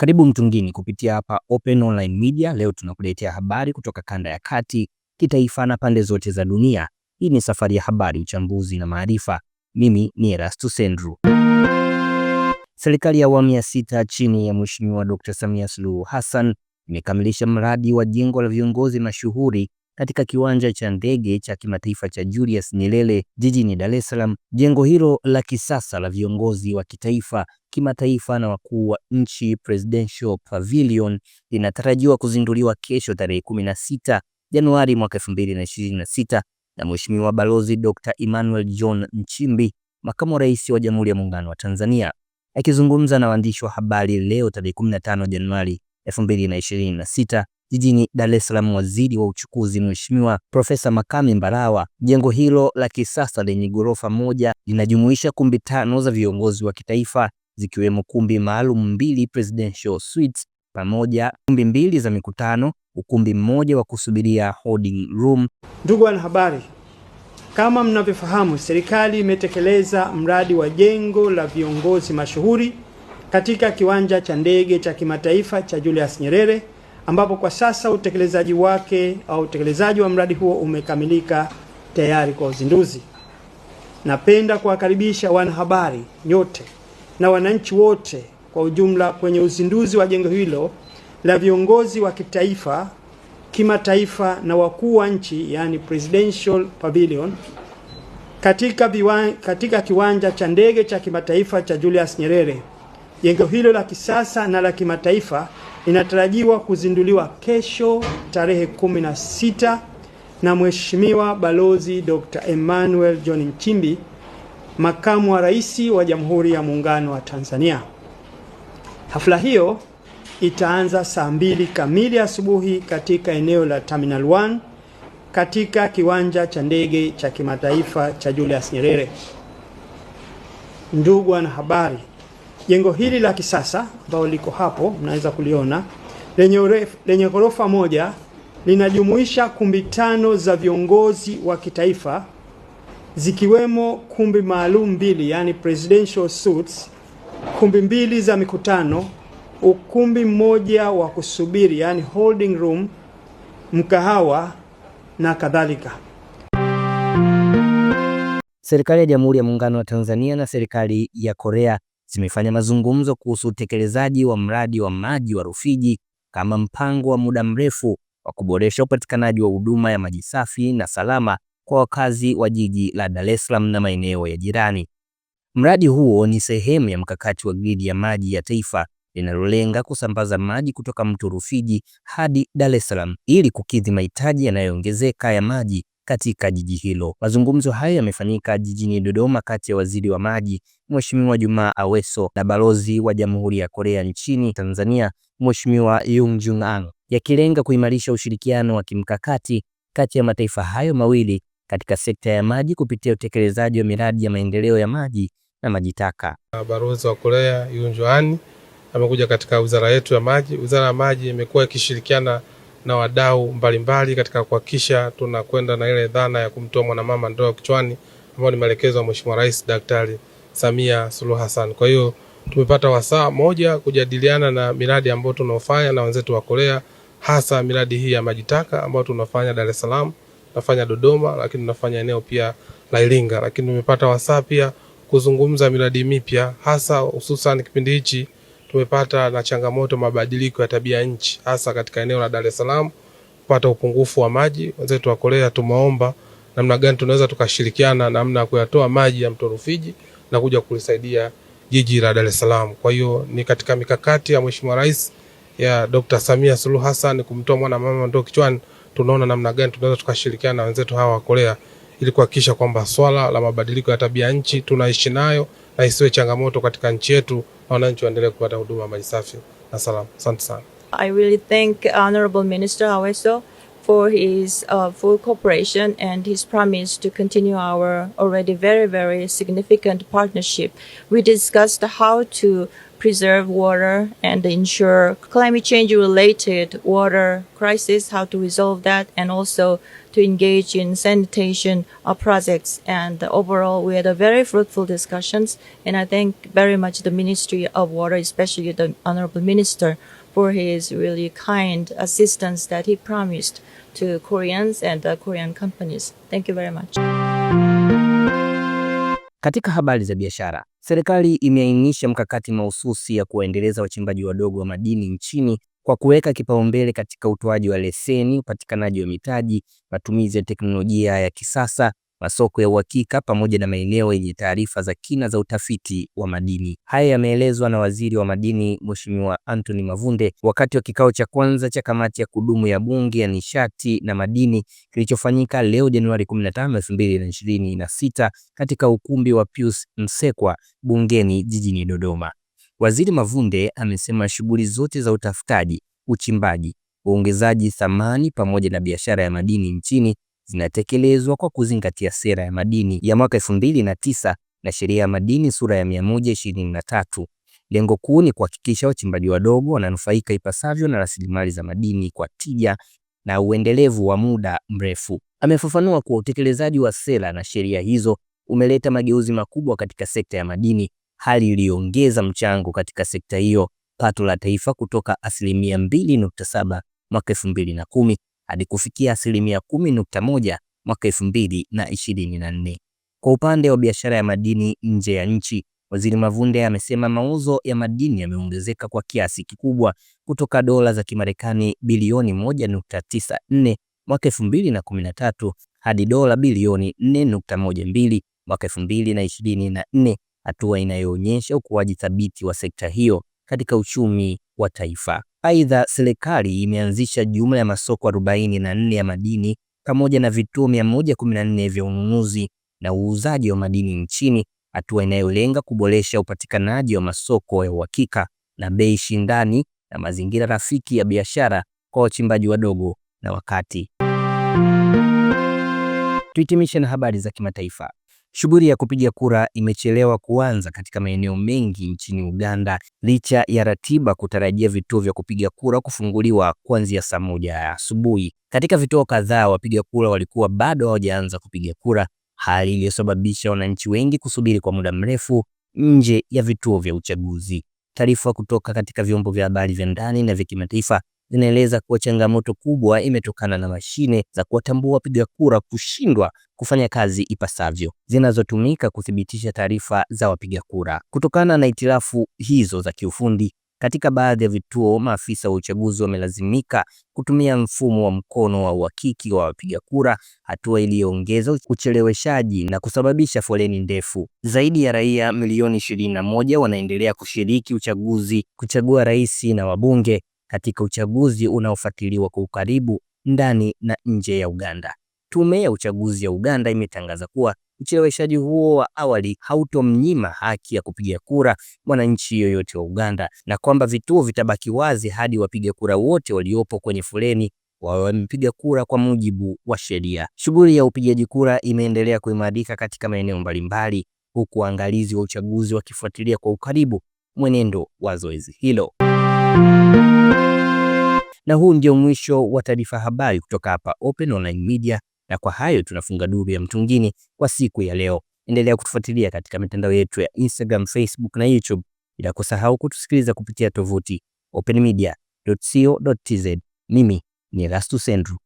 Karibu Mtungini kupitia hapa Open Online Media. Leo tunakuletea habari kutoka kanda ya kati, kitaifa na pande zote za dunia. Hii ni safari ya habari, uchambuzi na maarifa. Mimi ni Erastus Sendru. Serikali ya awamu ya sita chini ya Mheshimiwa Dr. Samia Suluhu Hassan imekamilisha mradi wa jengo la viongozi mashuhuri katika kiwanja cha ndege cha kimataifa cha Julius Nyerere jijini Dar es Salaam. Jengo hilo la kisasa la viongozi wa kitaifa, kimataifa na wakuu wa nchi, Presidential Pavilion, linatarajiwa kuzinduliwa kesho tarehe 16 Januari mwaka 2026 na Mheshimiwa Balozi Dr. Emmanuel John Nchimbi, Makamu wa Rais wa Jamhuri ya Muungano wa Tanzania. Akizungumza na waandishi wa habari leo tarehe 15 Januari 2026, jijini Dar es Salaam waziri wa uchukuzi Mheshimiwa Profesa Makame Mbarawa. Jengo hilo la kisasa lenye ghorofa moja linajumuisha kumbi tano za viongozi wa kitaifa zikiwemo kumbi maalum mbili presidential suites, pamoja kumbi mbili za mikutano, ukumbi mmoja wa kusubiria holding room. Ndugu wanahabari, kama mnavyofahamu, serikali imetekeleza mradi wa jengo la viongozi mashuhuri katika kiwanja cha ndege cha kimataifa cha Julius Nyerere ambapo kwa sasa utekelezaji wake au utekelezaji wa mradi huo umekamilika tayari kwa uzinduzi. Napenda kuwakaribisha wanahabari nyote na wananchi wote kwa ujumla kwenye uzinduzi wa jengo hilo la viongozi wa kitaifa, kimataifa na wakuu wa nchi, yani Presidential Pavilion katika, viwa, katika kiwanja cha ndege cha kimataifa cha Julius Nyerere. Jengo hilo la kisasa na la kimataifa inatarajiwa kuzinduliwa kesho tarehe 16 na Mheshimiwa Balozi Dr. Emmanuel John Nchimbi, makamu wa rais wa Jamhuri ya Muungano wa Tanzania. Hafla hiyo itaanza saa mbili kamili asubuhi katika eneo la Terminal 1 katika kiwanja cha ndege cha kimataifa cha Julius Nyerere. Ndugu wanahabari, Jengo hili la kisasa ambalo liko hapo mnaweza kuliona lenye urefu, lenye ghorofa moja linajumuisha kumbi tano za viongozi wa kitaifa zikiwemo kumbi maalum mbili, yani presidential suites, kumbi mbili za mikutano, ukumbi mmoja wa kusubiri, yani holding room, mkahawa na kadhalika. Serikali ya Jamhuri ya Muungano wa Tanzania na serikali ya Korea zimefanya mazungumzo kuhusu utekelezaji wa mradi wa maji wa Rufiji kama mpango wa muda mrefu wa kuboresha upatikanaji wa huduma ya maji safi na salama kwa wakazi wa jiji la Dar es Salaam na maeneo ya jirani. Mradi huo ni sehemu ya mkakati wa gridi ya maji ya taifa linalolenga kusambaza maji kutoka mto Rufiji hadi Dar es Salaam ili kukidhi mahitaji yanayoongezeka ya maji katika jiji hilo. Mazungumzo haya yamefanyika jijini Dodoma kati ya waziri wa maji Mheshimiwa Jumaa Aweso na balozi wa Jamhuri ya Korea nchini Tanzania Mheshimiwa Yung Jung An, yakilenga kuimarisha ushirikiano wa kimkakati kati ya mataifa hayo mawili katika sekta ya maji kupitia utekelezaji wa miradi ya maendeleo ya maji na maji taka. Balozi wa Korea Yung Jung An amekuja katika wizara yetu ya maji. Wizara ya maji imekuwa ikishirikiana na wadau mbalimbali katika kuhakikisha tunakwenda na ile dhana ya kumtoa mwanamama ndoa kichwani ambayo ni maelekezo ya Mheshimiwa Rais Daktari Samia Suluhu Hassan. Kwa hiyo tumepata wasaa moja kujadiliana na miradi ambayo tunaofanya na wenzetu wa Korea, hasa miradi hii ya maji taka ambayo tunafanya Dar es Salaam, tunafanya Dodoma, lakini tunafanya eneo pia la Iringa, lakini tumepata wasaa pia kuzungumza miradi mipya hasa hususan kipindi hichi tumepata na changamoto mabadiliko ya tabia nchi, hasa katika eneo la Dar es Salaam kupata upungufu wa maji. Wenzetu wa Korea tumeomba namna gani tunaweza tukashirikiana namna ya kuyatoa maji ya mto Rufiji na kuja kulisaidia jiji la Dar es Salaam. Kwa hiyo ni katika mikakati ya Mheshimiwa Rais ya Dr. Samia Suluhu Hassan kumtoa mwana mama ndoo kichwani, tunaona namna gani tunaweza tukashirikiana na wenzetu hawa wa Korea ili kuhakikisha kwamba swala la mabadiliko ya tabia nchi tunaishi nayo na isiwe changamoto katika nchi yetu, na wananchi waendelee kupata huduma ya maji safi na salama. Asante sana. I really thank Honorable Minister Aweso for his uh, full cooperation and his promise to continue our already very very significant partnership. We discussed how to preserve water and ensure climate change related water crisis, how to resolve that, and also to engage in sanitation uh, projects. And overall, we had a very fruitful discussions. And I thank very much the Ministry of Water, especially the Honorable Minister, for his really kind assistance that he promised to Koreans and Korean companies. Thank you very much. Katika habari za biashara Serikali imeainisha mkakati mahususi ya kuwaendeleza wachimbaji wadogo wa madini nchini kwa kuweka kipaumbele katika utoaji wa leseni, upatikanaji wa mitaji, matumizi ya teknolojia ya kisasa masoko ya uhakika pamoja na maeneo yenye taarifa za kina za utafiti wa madini. Haya yameelezwa na Waziri wa Madini Mheshimiwa Anthony Mavunde wakati wa kikao cha kwanza cha kamati ya kudumu ya Bunge ya Nishati na Madini kilichofanyika leo Januari 15, 2026 katika ukumbi wa Pius Msekwa bungeni jijini Dodoma. Waziri Mavunde amesema shughuli zote za utafutaji, uchimbaji, uongezaji thamani pamoja na biashara ya madini nchini zinatekelezwa kwa kuzingatia sera ya madini ya mwaka 2009 na sheria ya madini sura ya 123. Lengo kuu ni kuhakikisha wachimbaji wadogo wananufaika ipasavyo na rasilimali za madini kwa tija na uendelevu wa muda mrefu. Amefafanua kuwa utekelezaji wa sera na sheria hizo umeleta mageuzi makubwa katika sekta ya madini, hali iliyoongeza mchango katika sekta hiyo pato la taifa kutoka asilimia 2.7 mwaka 2010 hadi kufikia asilimia 10.1 mwaka 2024. Kwa upande wa biashara ya madini nje ya nchi, Waziri Mavunde amesema mauzo ya madini yameongezeka kwa kiasi kikubwa kutoka dola za Kimarekani bilioni 1.94 mwaka 2013 hadi dola bilioni 4.12 mwaka 2024, hatua inayoonyesha ukuaji thabiti wa sekta hiyo katika uchumi wa taifa. Aidha, serikali imeanzisha jumla ya masoko 44 ya madini pamoja na vituo 114 vya ununuzi na uuzaji wa madini nchini, hatua inayolenga kuboresha upatikanaji wa masoko ya uhakika na bei shindani na mazingira rafiki ya biashara kwa wachimbaji wadogo na wakati. Tuhitimishe na habari za kimataifa. Shughuli ya kupiga kura imechelewa kuanza katika maeneo mengi nchini Uganda licha ya ratiba kutarajia vituo vya kupiga kura kufunguliwa kuanzia saa moja asubuhi. Katika vituo kadhaa, wapiga kura walikuwa bado hawajaanza kupiga kura, hali iliyosababisha wananchi wengi kusubiri kwa muda mrefu nje ya vituo vya uchaguzi. Taarifa kutoka katika vyombo vya habari vya ndani na vya kimataifa zinaeleza kuwa changamoto kubwa imetokana na mashine za kuwatambua wapiga kura kushindwa kufanya kazi ipasavyo zinazotumika kuthibitisha taarifa za wapiga kura. Kutokana na itilafu hizo za kiufundi katika baadhi ya vituo, maafisa wa uchaguzi wamelazimika kutumia mfumo wa mkono wa uhakiki wa wapiga kura, hatua iliyoongeza ucheleweshaji na kusababisha foleni ndefu. Zaidi ya raia milioni 21 wanaendelea kushiriki uchaguzi kuchagua rais na wabunge katika uchaguzi unaofuatiliwa kwa ukaribu ndani na nje ya Uganda. Tume ya uchaguzi ya Uganda imetangaza kuwa ucheleweshaji huo wa awali hautomnyima haki ya kupiga kura mwananchi yoyote wa Uganda na kwamba vituo vitabaki wazi hadi wapiga kura wote waliopo kwenye foleni wawe wamepiga kura kwa mujibu wa sheria. Shughuli ya upigaji kura imeendelea kuimarika katika maeneo mbalimbali huku waangalizi wa uchaguzi wakifuatilia kwa ukaribu mwenendo wa zoezi hilo. Na huu ndio mwisho wa taarifa habari kutoka hapa Open Online Media, na kwa hayo tunafunga duru ya mtungini kwa siku ya leo. Endelea kutufuatilia katika mitandao yetu ya Instagram, Facebook na YouTube, bila kusahau kutusikiliza kupitia tovuti openmedia.co.tz. Mimi ni Erastus Sendru.